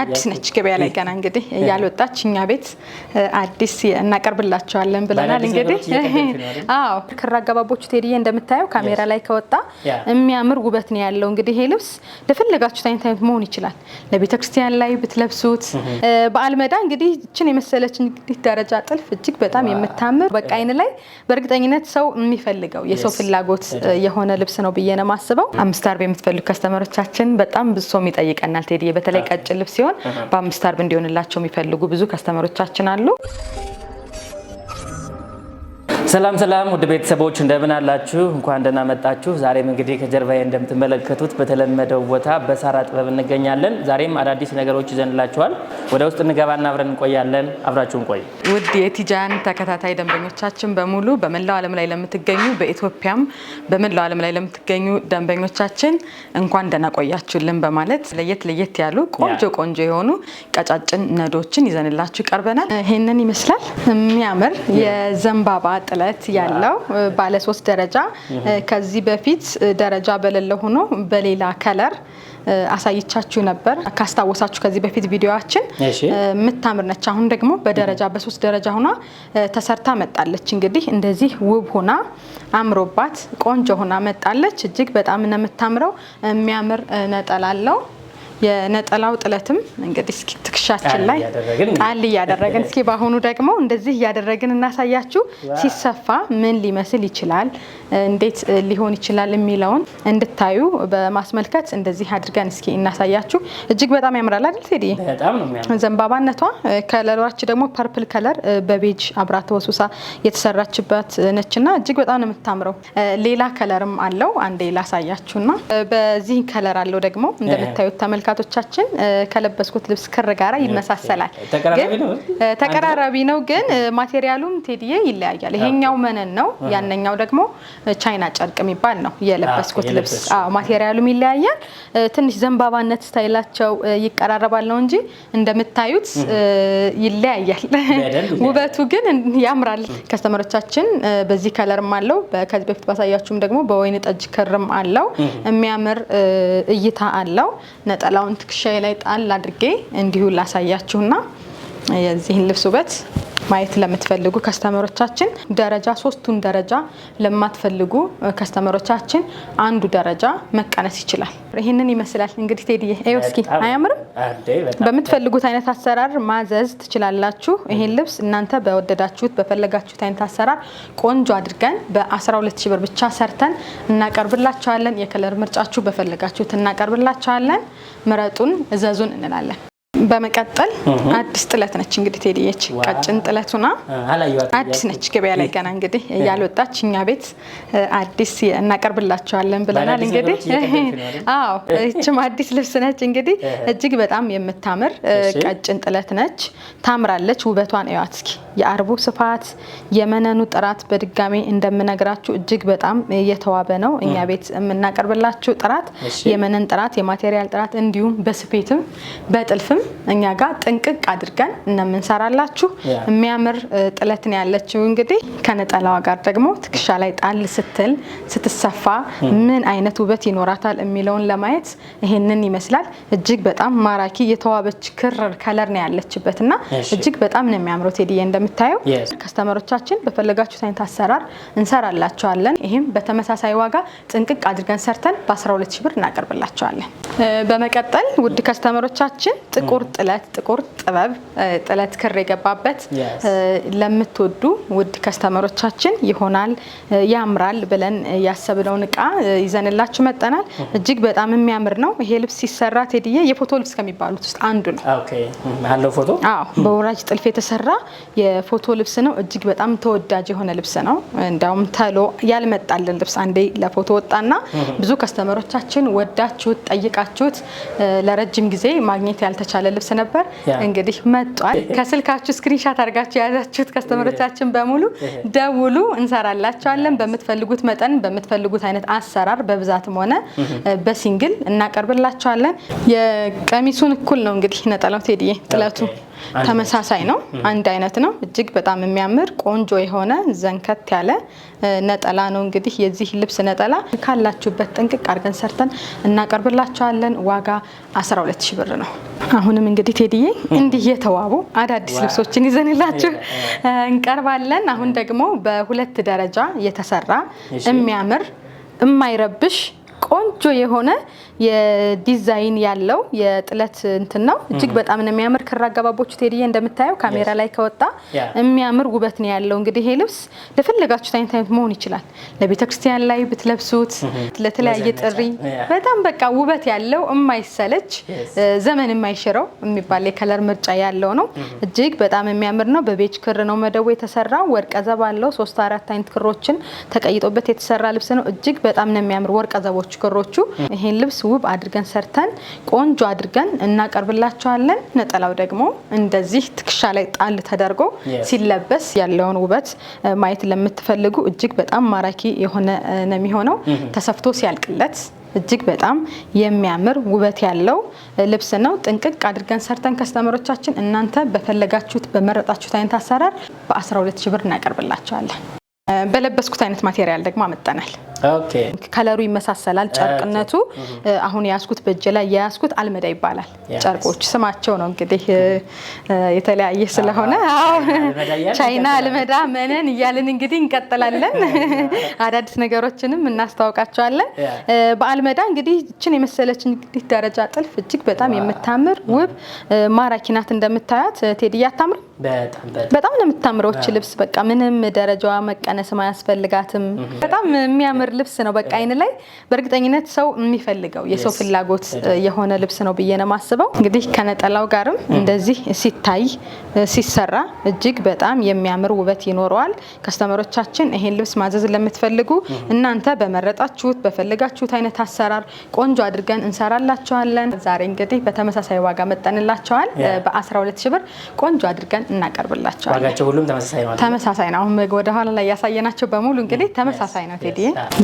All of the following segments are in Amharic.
አዲስ ነች ገበያ ላይ ገና እንግዲህ እያልወጣች እኛ ቤት አዲስ እናቀርብላቸዋለን ብለናል። እንግዲህ አዎ ክር አገባቦቹ ቴዲዬ እንደምታየው ካሜራ ላይ ከወጣ የሚያምር ውበት ነው ያለው። እንግዲህ ይሄ ልብስ ለፈለጋችሁት አይነት አይነት መሆን ይችላል። ለቤተ ክርስቲያን ላይ ብትለብሱት በአልመዳ እንግዲህ ችን የመሰለች እንግዲህ ደረጃ ጥልፍ እጅግ በጣም የምታምር በቃ አይን ላይ በእርግጠኝነት ሰው የሚፈልገው የሰው ፍላጎት የሆነ ልብስ ነው ብዬ ነው የማስበው። አምስት አርብ የምትፈልጉ ከስተመሮቻችን በጣም ብሶ ይጠይቀናል ቴዲዬ በተለይ uh, ቀጭን ልብስ ሲሆን በአምስት አርብ እንዲሆንላቸው የሚፈልጉ ብዙ ከስተመሮቻችን አሉ። ሰላም ሰላም ውድ ቤተሰቦች እንደምን አላችሁ? እንኳን ደህና መጣችሁ። ዛሬም እንግዲህ ከጀርባዬ እንደምትመለከቱት በተለመደው ቦታ በሳራ ጥበብ እንገኛለን። ዛሬም አዳዲስ ነገሮች ይዘንላችኋል። ወደ ውስጥ እንገባና አብረን እንቆያለን። አብራችሁን ቆዩ። ውድ የቲጃን ተከታታይ ደንበኞቻችን በሙሉ በመላው ዓለም ላይ ለምትገኙ በኢትዮጵያም በመላው ዓለም ላይ ለምትገኙ ደንበኞቻችን እንኳን ደህና ቆያችሁልን በማለት ለየት ለየት ያሉ ቆንጆ ቆንጆ የሆኑ ቀጫጭን ነዶችን ይዘንላችሁ ቀርበናል። ይህንን ይመስላል የሚያምር የዘንባባ ጥለ ማለት ያለው ባለ ሶስት ደረጃ ከዚህ በፊት ደረጃ በሌለ ሆኖ በሌላ ከለር አሳይቻችሁ ነበር ካስታወሳችሁ ከዚህ በፊት ቪዲዮችን የምታምር ነች። አሁን ደግሞ በደረጃ በሶስት ደረጃ ሆና ተሰርታ መጣለች። እንግዲህ እንደዚህ ውብ ሆና አምሮባት ቆንጆ ሆና መጣለች። እጅግ በጣም ነው የምታምረው። የሚያምር ነጠላለው የነጠላው ጥለትም እንግዲህ እስኪ ትከሻችን ላይ ጣል እያደረግን እስኪ በአሁኑ ደግሞ እንደዚህ እያደረግን እናሳያችሁ። ሲሰፋ ምን ሊመስል ይችላል፣ እንዴት ሊሆን ይችላል የሚለውን እንድታዩ በማስመልከት እንደዚህ አድርገን እስኪ እናሳያችሁ። እጅግ በጣም ያምራል አይደል ቴዲ? ዘንባባነቷ ከለሯች ደግሞ ፐርፕል ከለር በቤጅ አብራ ተወሱሳ የተሰራችበት ነችና እጅግ በጣም ነው የምታምረው። ሌላ ከለርም አለው አንዴ ላሳያችሁና በዚህ ከለር አለው ደግሞ እንደምታዩት ተመልካ ተመልካቶቻችን ከለበስኩት ልብስ ክር ጋራ ይመሳሰላል። ተቀራራቢ ነው፣ ግን ማቴሪያሉም ቴዲዬ ይለያያል። ይሄኛው መነን ነው፣ ያነኛው ደግሞ ቻይና ጨርቅ የሚባል ነው የለበስኩት ልብስ። ማቴሪያሉም ይለያያል። ትንሽ ዘንባባነት ስታይላቸው ይቀራረባል ነው እንጂ እንደምታዩት ይለያያል። ውበቱ ግን ያምራል። ከስተመሮቻችን በዚህ ከለርም አለው፣ ከዚህ በፊት ባሳያችሁም ደግሞ በወይን ጠጅ ክርም አለው። የሚያምር እይታ አለው ነጠላ ነጠላውን ትከሻዬ ላይ ጣል አድርጌ እንዲሁ ላሳያችሁና የዚህን ልብስ ውበት ማየት ለምትፈልጉ ከስተመሮቻችን ደረጃ ሶስቱን ደረጃ ለማትፈልጉ ከስተመሮቻችን አንዱ ደረጃ መቀነስ ይችላል። ይህንን ይመስላል እንግዲህ ቴዲዬ እስኪ አያምርም? በምትፈልጉት አይነት አሰራር ማዘዝ ትችላላችሁ። ይሄን ልብስ እናንተ በወደዳችሁት በፈለጋችሁት አይነት አሰራር ቆንጆ አድርገን በ12000 ብር ብቻ ሰርተን እናቀርብላችኋለን። የከለር ምርጫችሁ በፈለጋችሁት እናቀርብላችኋለን። ምረጡን፣ እዘዙን እንላለን። በመቀጠል አዲስ ጥለት ነች እንግዲህ ቴዲየች ቀጭን ጥለቱና አዲስ ነች። ገበያ ላይ ገና እንግዲህ ያልወጣች እኛ ቤት አዲስ እናቀርብላቸዋለን ብለናል። እንግዲህ አዎ ይችም አዲስ ልብስ ነች። እንግዲህ እጅግ በጣም የምታምር ቀጭን ጥለት ነች። ታምራለች። ውበቷን እዋት እስኪ የአርቡ ስፋት የመነኑ ጥራት በድጋሜ እንደምነግራችሁ እጅግ በጣም እየተዋበ ነው። እኛ ቤት የምናቀርብላችሁ ጥራት የመነን ጥራት፣ የማቴሪያል ጥራት እንዲሁም በስፌትም በጥልፍም እኛ ጋር ጥንቅቅ አድርገን እነምንሰራላችሁ የሚያምር ጥለት ነው ያለችው። እንግዲህ ከነጠላዋ ጋር ደግሞ ትከሻ ላይ ጣል ስትል ስትሰፋ ምን አይነት ውበት ይኖራታል የሚለውን ለማየት ይሄንን ይመስላል። እጅግ በጣም ማራኪ የተዋበች ክርር ከለር ነው ያለችበት እና እጅግ በጣም ነው የሚያምረው ቴዲዬ እንደምታየው ከስተመሮቻችን በፈለጋችሁ አይነት አሰራር እንሰራላቸዋለን። ይህም በተመሳሳይ ዋጋ ጥንቅቅ አድርገን ሰርተን በ12 ሺ ብር እናቀርብላቸዋለን። በመቀጠል ውድ ከስተመሮቻችን ጥቁር mm. ጥለት፣ ጥቁር ጥበብ ጥለት ክር የገባበት ለምትወዱ ውድ ከስተመሮቻችን ይሆናል ያምራል ብለን ያሰብነውን እቃ ይዘንላችሁ መጠናል። mm-hmm. እጅግ በጣም የሚያምር ነው። ይሄ ልብስ ሲሰራ ቴድዬ የፎቶ ልብስ ከሚባሉት ውስጥ አንዱ ነው። አዎ በወራጅ ጥልፍ የተሰራ የፎቶ ልብስ ነው። እጅግ በጣም ተወዳጅ የሆነ ልብስ ነው። እንዲያውም ተሎ ያልመጣልን ልብስ አንዴ ለፎቶ ወጣና ብዙ ከስተመሮቻችን ወዳችሁት ጠይቃችሁት ለረጅም ጊዜ ማግኘት ያልተቻለ ልብስ ነበር። እንግዲህ መጧል። ከስልካችሁ ስክሪንሻት አድርጋችሁ የያዛችሁት ከስተመሮቻችን በሙሉ ደውሉ፣ እንሰራላቸዋለን። በምትፈልጉት መጠን በምትፈልጉት አይነት አሰራር በብዛትም ሆነ በሲንግል እናቀርብላቸዋለን። የቀሚሱን እኩል ነው እንግዲህ ነጠላው ቴዲዬ ጥለቱ ተመሳሳይ ነው፣ አንድ አይነት ነው። እጅግ በጣም የሚያምር ቆንጆ የሆነ ዘንከት ያለ ነጠላ ነው። እንግዲህ የዚህ ልብስ ነጠላ ካላችሁበት ጥንቅቅ አድርገን ሰርተን እናቀርብላችኋለን። ዋጋ 12 ብር ነው። አሁንም እንግዲህ ቴዲዬ እንዲህ የተዋቡ አዳዲስ ልብሶችን ይዘንላችሁ እንቀርባለን። አሁን ደግሞ በሁለት ደረጃ የተሰራ የሚያምር የማይረብሽ ቆንጆ የሆነ የዲዛይን ያለው የጥለት እንትን ነው። እጅግ በጣም ነው የሚያምር ክር አገባቦች ቴዲዬ እንደምታየው ካሜራ ላይ ከወጣ የሚያምር ውበት ነው ያለው። እንግዲህ ይሄ ልብስ ለፈለጋችሁት አይነት አይነት መሆን ይችላል። ለቤተክርስቲያን ላይ ብትለብሱት፣ ለተለያየ ጥሪ በጣም በቃ ውበት ያለው የማይሰለች ዘመን የማይሽረው የሚባል የከለር ምርጫ ያለው ነው። እጅግ በጣም የሚያምር ነው። በቤጅ ክር ነው መደቡ የተሰራ ወርቀ ዘብ አለው። ሶስት አራት አይነት ክሮችን ተቀይጦበት የተሰራ ልብስ ነው። እጅግ በጣም ነው የሚያምር ወርቀ ዘቦች ክሮቹ ይሄን ልብስ ውብ አድርገን ሰርተን ቆንጆ አድርገን እናቀርብላቸዋለን። ነጠላው ደግሞ እንደዚህ ትከሻ ላይ ጣል ተደርጎ ሲለበስ ያለውን ውበት ማየት ለምትፈልጉ እጅግ በጣም ማራኪ የሆነ ነው የሚሆነው። ተሰፍቶ ሲያልቅለት እጅግ በጣም የሚያምር ውበት ያለው ልብስ ነው። ጥንቅቅ አድርገን ሰርተን ከስተመሮቻችን እናንተ በፈለጋችሁት በመረጣችሁት አይነት አሰራር በ12 ሺ ብር እናቀርብላቸዋለን። በለበስኩት አይነት ማቴሪያል ደግሞ አመጠናል። ከለሩ ይመሳሰላል። ጨርቅነቱ አሁን የያዝኩት በእጅ ላይ የያዝኩት አልመዳ ይባላል። ጨርቆች ስማቸው ነው እንግዲህ የተለያየ ስለሆነ ቻይና አልመዳ መነን እያልን እንግዲህ እንቀጥላለን። አዳዲስ ነገሮችንም እናስታውቃቸዋለን። በአልመዳ እንግዲህ እችን የመሰለች እንግዲህ ደረጃ ጥልፍ እጅግ በጣም የምታምር ውብ ማራኪ ናት። እንደምታያት ቴዲ አታምርም? በጣም ነው የምታምረው ልብስ በቃ ምንም ደረጃዋ መቀነስ አያስፈልጋትም። በጣም የሚያምር ልብስ ነው በቃ አይን ላይ በእርግጠኝነት ሰው የሚፈልገው የሰው ፍላጎት የሆነ ልብስ ነው ብዬ ነው ማስበው። እንግዲህ ከነጠላው ጋርም እንደዚህ ሲታይ ሲሰራ እጅግ በጣም የሚያምር ውበት ይኖረዋል። ከስተመሮቻችን ይሄን ልብስ ማዘዝ ለምትፈልጉ እናንተ በመረጣችሁት በፈለጋችሁት አይነት አሰራር ቆንጆ አድርገን እንሰራላቸዋለን። ዛሬ እንግዲህ በተመሳሳይ ዋጋ መጠንላቸዋል። በ12 ሺ ብር ቆንጆ አድርገን እናቀርብላቸዋል። ተመሳሳይ ነው። አሁን ወደኋላ ላይ ያሳየናቸው በሙሉ እንግዲህ ተመሳሳይ ነው ቴዲ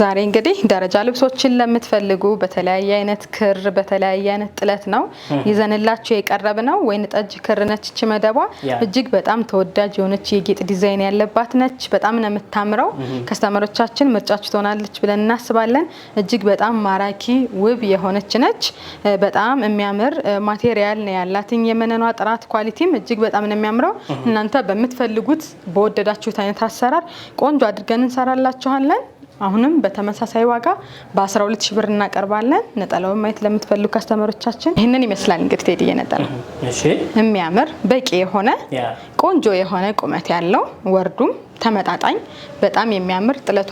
ዛሬ እንግዲህ ደረጃ ልብሶችን ለምትፈልጉ በተለያየ አይነት ክር በተለያየ አይነት ጥለት ነው ይዘንላችሁ የቀረብ ነው። ወይን ጠጅ ክር ነች እች መደቧ እጅግ በጣም ተወዳጅ የሆነች የጌጥ ዲዛይን ያለባት ነች። በጣም ነው የምታምረው። ከስተመሮቻችን ምርጫችሁ ትሆናለች ብለን እናስባለን። እጅግ በጣም ማራኪ ውብ የሆነች ነች። በጣም የሚያምር ማቴሪያል ነው ያላትኝ። የመነኗ ጥራት ኳሊቲም እጅግ በጣም ነው የሚያምረው። እናንተ በምትፈልጉት በወደዳችሁት አይነት አሰራር ቆንጆ አድርገን እንሰራላችኋለን። አሁንም በተመሳሳይ ዋጋ በ12 ሺ ብር እናቀርባለን። ነጠላውን ማየት ለምትፈልጉ ከስተመሮቻችን ይህንን ይመስላል። እንግዲህ ቴዲ የነጠላ የሚያምር በቂ የሆነ ቆንጆ የሆነ ቁመት ያለው ወርዱም ተመጣጣኝ በጣም የሚያምር ጥለቷ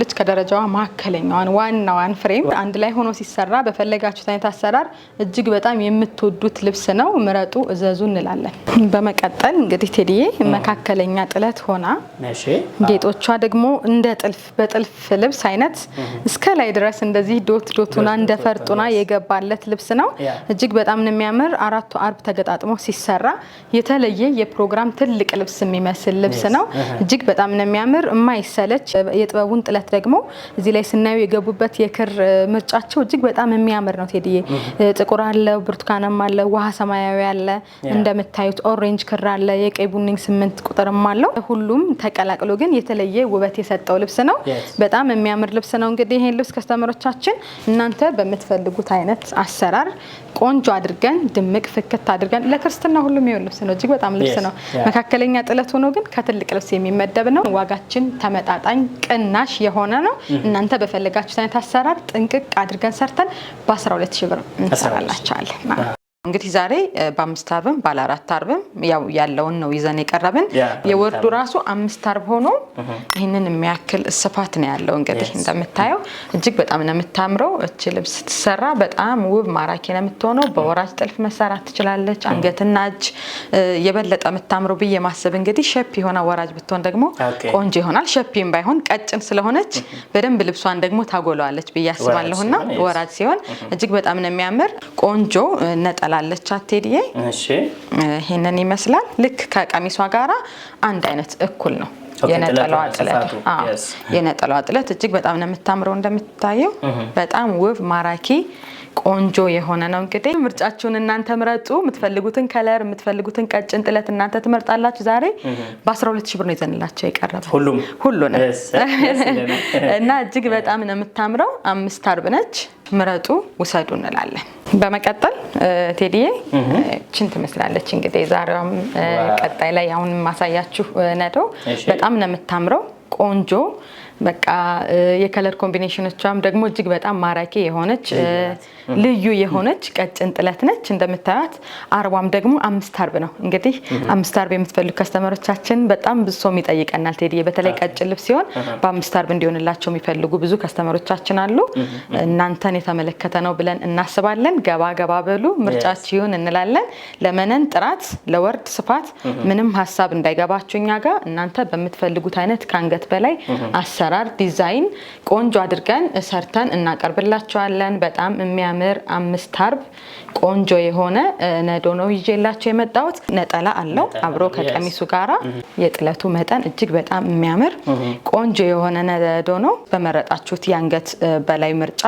ልጅ ከደረጃዋ መካከለኛዋን ዋናዋን ፍሬም አንድ ላይ ሆኖ ሲሰራ በፈለጋችሁት አይነት አሰራር እጅግ በጣም የምትወዱት ልብስ ነው። ምረጡ፣ እዘዙ እንላለን። በመቀጠል እንግዲህ ቴዲዬ መካከለኛ ጥለት ሆና ጌጦቿ ደግሞ እንደ ጥልፍ በጥልፍ ልብስ አይነት እስከ ላይ ድረስ እንደዚህ ዶት ዶቱና እንደ ፈርጡና የገባለት ልብስ ነው። እጅግ በጣም የሚያምር አራቱ አርብ ተገጣጥሞ ሲሰራ የተለየ የፕሮግራም ግራም ትልቅ ልብስ የሚመስል ልብስ ነው። እጅግ በጣም ነው የሚያምር የማይሰለች የጥበቡን ጥለት ደግሞ እዚህ ላይ ስናየው የገቡበት የክር ምርጫቸው እጅግ በጣም የሚያምር ነው ቴዲዬ። ጥቁር አለ፣ ብርቱካናማ አለ፣ ውሃ ሰማያዊ አለ፣ እንደምታዩት ኦሬንጅ ክር አለ፣ የቀይ ቡኒ ስምንት ቁጥርም አለው። ሁሉም ተቀላቅሎ ግን የተለየ ውበት የሰጠው ልብስ ነው። በጣም የሚያምር ልብስ ነው። እንግዲህ ይሄን ልብስ ከስተመሮቻችን እናንተ በምትፈልጉት አይነት አሰራር ቆንጆ አድርገን ድምቅ ፍክት አድርገን ለክርስትና ሁሉም ይሆን ልብስ ነው። እጅግ በጣም ልብስ ነው መካከለኛ ጥለት ሆኖ ግን ከትልቅ ልብስ የሚመደብ ነው። ዋጋችን ተመጣጣኝ ቅናሽ የሆነ ነው። እናንተ በፈለጋችሁት አይነት አሰራር ጥንቅቅ አድርገን ሰርተን በ12 ሺ ብር እንሰራላቸዋለን። እንግዲህ ዛሬ በአምስት አርብም ባለ አራት አርብም ያው ያለውን ነው ይዘን የቀረብን። የወርዱ ራሱ አምስት አርብ ሆኖ ይህንን የሚያክል ስፋት ነው ያለው። እንግዲህ እንደምታየው እጅግ በጣም ነው የምታምረው። እች ልብስ ስትሰራ በጣም ውብ ማራኪ ነው የምትሆነው። በወራጅ ጥልፍ መሰራት ትችላለች። አንገትና እጅ የበለጠ የምታምረው ብዬ ማሰብ እንግዲህ ሸፕ የሆነ ወራጅ ብትሆን ደግሞ ቆንጆ ይሆናል። ሸፒም ባይሆን ቀጭን ስለሆነች በደንብ ልብሷን ደግሞ ታጎለዋለች ብዬ አስባለሁና ወራጅ ሲሆን እጅግ በጣም ነው የሚያምር ቆንጆ ነጠላ ትባላለች አቴድዬ። ይህንን ይመስላል። ልክ ከቀሚሷ ጋራ አንድ አይነት እኩል ነው። የነጠላዋ ጥለት እጅግ በጣም ነው የምታምረው። እንደምታየው በጣም ውብ ማራኪ ቆንጆ የሆነ ነው። እንግዲህ ምርጫችሁን እናንተ ምረጡ። የምትፈልጉትን ከለር፣ የምትፈልጉትን ቀጭን ጥለት እናንተ ትመርጣላችሁ። ዛሬ በ12 ሺ ብር ነው ይዘንላቸው የቀረበ ሁሉንም እና እጅግ በጣም ነው የምታምረው። አምስት አርብ ነች። ምረጡ፣ ውሰዱ እንላለን። በመቀጠል ቴዲዬ ችን ትመስላለች። እንግዲህ ዛሬዋም ቀጣይ ላይ አሁን የማሳያችሁ ነዶ በጣም ነው የምታምረው ቆንጆ በቃ የከለር ኮምቢኔሽኖቿም ደግሞ እጅግ በጣም ማራኪ የሆነች ልዩ የሆነች ቀጭን ጥለት ነች እንደምታዩት። አርቧም ደግሞ አምስት አርብ ነው። እንግዲህ አምስት አርብ የምትፈልጉ ከስተመሮቻችን በጣም ብዙ ሰውም ይጠይቀናል ቴዲዬ፣ በተለይ ቀጭን ልብስ ሲሆን በአምስት አርብ እንዲሆንላቸው የሚፈልጉ ብዙ ከስተመሮቻችን አሉ። እናንተን የተመለከተ ነው ብለን እናስባለን። ገባ ገባ በሉ ምርጫችሁን እንላለን። ለመነን ጥራት፣ ለወርድ ስፋት ምንም ሀሳብ እንዳይገባችሁ እኛ ጋር እናንተ በምትፈልጉት አይነት ከአንገት በላይ አሰራ አሰራር ዲዛይን ቆንጆ አድርገን ሰርተን እናቀርብላቸዋለን። በጣም የሚያምር አምስት አርብ ቆንጆ የሆነ ነዶ ነው ይዤላቸው የመጣሁት። ነጠላ አለው አብሮ ከቀሚሱ ጋራ። የጥለቱ መጠን እጅግ በጣም የሚያምር ቆንጆ የሆነ ነዶ ነው። በመረጣችሁት የአንገት በላይ ምርጫ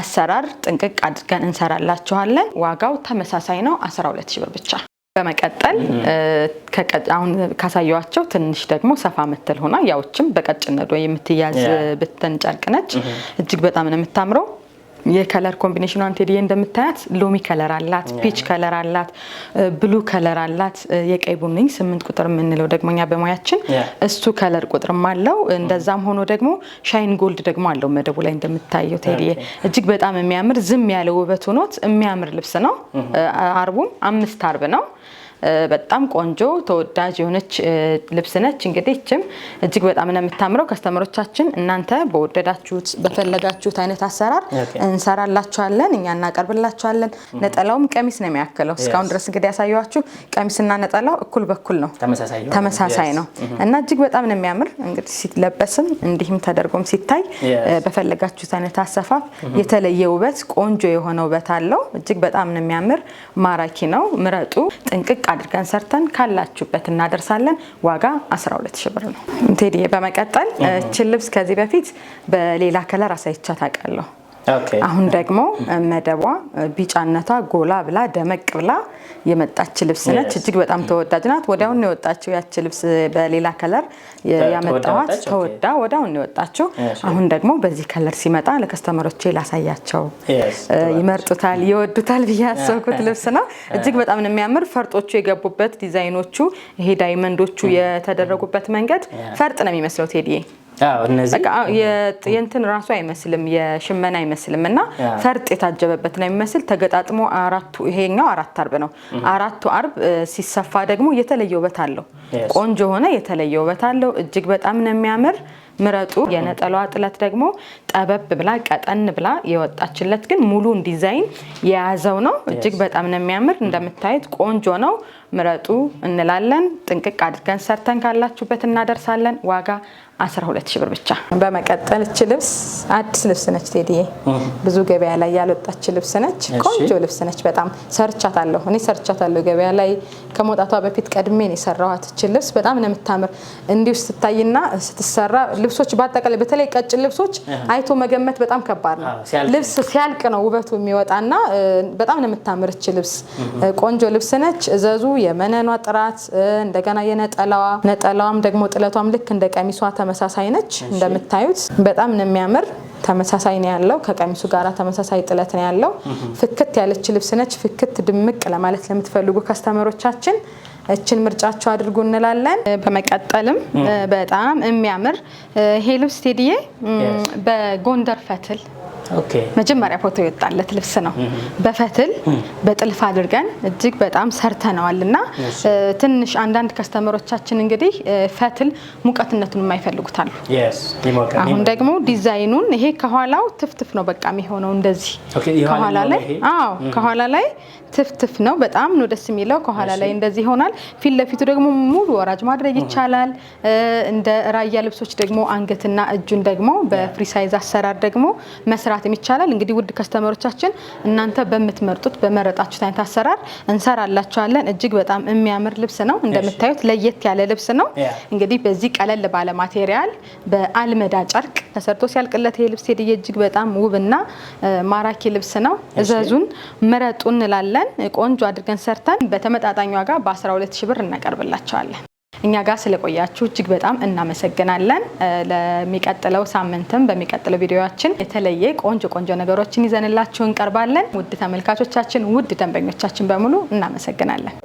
አሰራር ጥንቅቅ አድርገን እንሰራላችኋለን። ዋጋው ተመሳሳይ ነው፣ 12 ሺ ብር ብቻ በመቀጠል አሁን ካሳየዋቸው ትንሽ ደግሞ ሰፋ ምትል ሆና ያውችም በቀጭን የምትያዝ ብትን ጨርቅ ነች። እጅግ በጣም ነው የምታምረው። የከለር ኮምቢኔሽን አንቴዲ እንደምታያት ሎሚ ከለር አላት፣ ፒች ከለር አላት፣ ብሉ ከለር አላት። የቀይ ቡኒ ስምንት ቁጥር የምንለው ደግሞ እኛ በሙያችን እሱ ከለር ቁጥርም አለው። እንደዛም ሆኖ ደግሞ ሻይን ጎልድ ደግሞ አለው መደቡ ላይ እንደምታየው ቴዲ እጅግ በጣም የሚያምር ዝም ያለ ውበት ሆኖት የሚያምር ልብስ ነው። አርቡም አምስት አርብ ነው። በጣም ቆንጆ ተወዳጅ የሆነች ልብስ ነች። እንግዲህ ይችም እጅግ በጣም ነው የምታምረው። ከስተመሮቻችን እናንተ በወደዳችሁት በፈለጋችሁት አይነት አሰራር እንሰራላችኋለን፣ እኛ እናቀርብላችኋለን። ነጠላውም ቀሚስ ነው የሚያክለው። እስካሁን ድረስ እንግዲህ ያሳየኋችሁ ቀሚስና ነጠላው እኩል በኩል ነው፣ ተመሳሳይ ነው mm-hmm. እና እጅግ በጣም ነው የሚያምር። እንግዲህ ሲለበስም እንዲህም ተደርጎም ሲታይ በፈለጋችሁት አይነት አሰፋፍ mm-hmm. የተለየ ውበት ቆንጆ የሆነ ውበት አለው። እጅግ በጣም ነው የሚያምር፣ ማራኪ ነው። ምረጡ ጥንቅቅ አድርገን ሰርተን ካላችሁበት እናደርሳለን። ዋጋ 12 ሺ ብር ነው። ቴዲ በመቀጠል ችን ልብስ ከዚህ በፊት በሌላ ከለር አሳይቻ ታውቃለሁ አሁን ደግሞ መደቧ ቢጫነቷ ጎላ ብላ ደመቅ ብላ የመጣች ልብስ ነች። እጅግ በጣም ተወዳጅ ናት። ወዲያውኑ የወጣችው ያች ልብስ በሌላ ከለር ያመጣዋት ተወዳ ወዲያውኑ የወጣችው። አሁን ደግሞ በዚህ ከለር ሲመጣ ለከስተመሮቼ ላሳያቸው። ይመርጡታል፣ ይወዱታል ብዬ ያሰብኩት ልብስ ነው። እጅግ በጣም ነው የሚያምር። ፈርጦቹ የገቡበት ዲዛይኖቹ፣ ይሄ ዳይመንዶቹ mm. የተደረጉበት መንገድ ፈርጥ ነው የሚመስለው ቴዲዬ የእንትን ራሱ አይመስልም፣ የሽመና አይመስልም። እና ፈርጥ የታጀበበት ነው የሚመስል ተገጣጥሞ አራቱ ይሄኛው አራት አርብ ነው። አራቱ አርብ ሲሰፋ ደግሞ የተለየ ውበት አለው። ቆንጆ ሆነ የተለየ ውበት አለው። እጅግ በጣም ነው የሚያምር። ምረጡ። የነጠሏ ጥለት ደግሞ ጠበብ ብላ ቀጠን ብላ የወጣችለት ግን ሙሉን ዲዛይን የያዘው ነው። እጅግ በጣም ነው የሚያምር። እንደምታዩት ቆንጆ ነው። ምረጡ እንላለን። ጥንቅቅ አድርገን ሰርተን ካላችሁበት እናደርሳለን። ዋጋ 12 ሺ ብር ብቻ። በመቀጠል እች ልብስ አዲስ ልብስ ነች ቴዲዬ፣ ብዙ ገበያ ላይ ያልወጣች ልብስ ነች። ቆንጆ ልብስ ነች። በጣም ሰርቻታለሁ እኔ ሰርቻታለሁ። ገበያ ላይ ከመውጣቷ በፊት ቀድሜ ነው የሰራኋት። እች ልብስ በጣም ነው የምታምር። እንዲሁ ስትታይና ስትሰራ ልብሶች በአጠቃላይ በተለይ ቀጭን ልብሶች አይቶ መገመት በጣም ከባድ ነው። ልብስ ሲያልቅ ነው ውበቱ የሚወጣና በጣም ነው የምታምር እች ልብስ። ቆንጆ ልብስ ነች። እዘዙ የመነኗ ጥራት እንደገና የነጠላዋ ነጠላዋም ደግሞ ጥለቷም ልክ እንደ ቀሚሷ ተመሳሳይ ነች። እንደምታዩት በጣም ነው የሚያምር። ተመሳሳይ ነው ያለው። ከቀሚሱ ጋር ተመሳሳይ ጥለት ነው ያለው። ፍክት ያለች ልብስ ነች። ፍክት ድምቅ ለማለት ለምትፈልጉ ከስተመሮቻችን እችን ምርጫቸው አድርጉ እንላለን። በመቀጠልም በጣም የሚያምር ይሄ ልብስ ቴዲዬ በጎንደር ፈትል መጀመሪያ ፎቶ የወጣለት ልብስ ነው። በፈትል በጥልፍ አድርገን እጅግ በጣም ሰርተነዋል እና ትንሽ አንዳንድ ከስተመሮቻችን እንግዲህ ፈትል ሙቀትነቱን የማይፈልጉታሉ። አሁን ደግሞ ዲዛይኑን ይሄ ከኋላው ትፍትፍ ነው በቃ የሚሆነው እንደዚህ ከኋላ ላይ አዎ ከኋላ ላይ ትፍትፍ ነው። በጣም ነው ደስ የሚለው። ከኋላ ላይ እንደዚህ ይሆናል። ፊት ለፊቱ ደግሞ ሙሉ ወራጅ ማድረግ ይቻላል። እንደ ራያ ልብሶች ደግሞ አንገትና እጁን ደግሞ በፍሪሳይዝ አሰራር ደግሞ መስራት መስራትም ይቻላል። እንግዲህ ውድ ከስተመሮቻችን እናንተ በምትመርጡት በመረጣችሁት አይነት አሰራር እንሰራላችኋለን። እጅግ በጣም የሚያምር ልብስ ነው። እንደምታዩት ለየት ያለ ልብስ ነው። እንግዲህ በዚህ ቀለል ባለ ማቴሪያል በአልመዳ ጨርቅ ተሰርቶ ሲያልቅለት ይሄ ልብስ ሄድዬ እጅግ በጣም ውብና ማራኪ ልብስ ነው። እዘዙን፣ ምረጡ እንላለን። ቆንጆ አድርገን ሰርተን በተመጣጣኝ ዋጋ በ12 ሺ ብር እናቀርብላቸዋለን። እኛ ጋር ስለቆያችሁ እጅግ በጣም እናመሰግናለን። ለሚቀጥለው ሳምንትም በሚቀጥለው ቪዲዮችን የተለየ ቆንጆ ቆንጆ ነገሮችን ይዘንላችሁ እንቀርባለን። ውድ ተመልካቾቻችን፣ ውድ ደንበኞቻችን በሙሉ እናመሰግናለን።